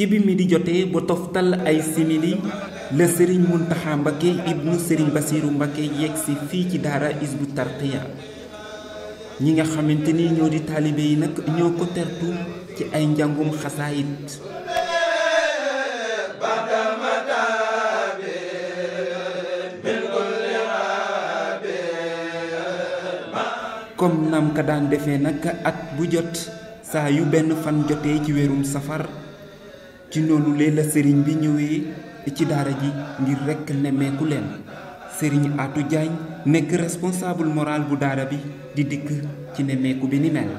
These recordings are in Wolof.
ci mi di jotee ba toftal ay simili la sëriñ Muntaxa Mbakke ibnu sëriñ Basiiru Mbakke yegg si fii ci daara isbu tarqiya ñi nga xamante ni ñoo di taalibe yi nag ñoo ko tertu ci ay njàngum xasaayit comme nam ka daan defee nag at bu jot saa yu benn fan jotee ci weerum safar ci nonu le la serigne bi ñewé ci daara ji ngir rekk ku len serigne Atou Diagne nek responsable moral bu daara bi di dik ci ku bi ni mel.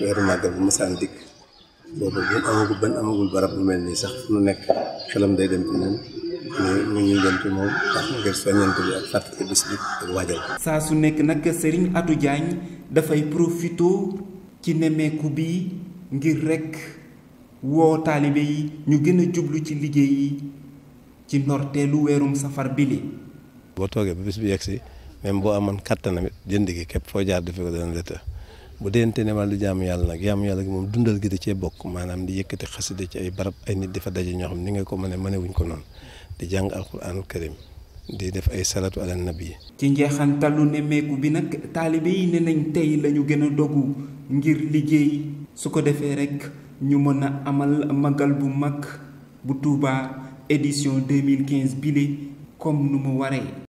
weeru màggal bu masaan dik bobu ban amagul ban amagul barab bu melni sax fu nu nekk xelam day dem ci nan ñu ñu dem ci mom tax ngir soñante bi ak fatte bis bi ak waajal. su nek nak serigne Atou Diagne fay profito ci ku bi ngir rek woo taalibe yi ñu gën a jublu ci liggéey yi ci lu weerum safar bile. boo toogee ba bis bi yegsi même boo amoon kattanam it jënd gi képp foo jaar defee ko dana lëtta bu deente ne wàllu jaamu yàlla nag jaamu yàlla gi moom dundal gi da cee bokk maanaam di yëkkati xasida ci ay barab ay nit dafa daje ñoo xam ni nga ko mën a mënewuñ ko noonu di jàng alxuraanul karim di def ay salatu ala nabi ci njeexantalu nemmeeku bi nag taalibe yi ne nañ tey la ñu gën a dogu ngir liggéey su ko defee rek ñu mën a amal magal bu mag bu Touba édition 2015 bile comme nu mu waree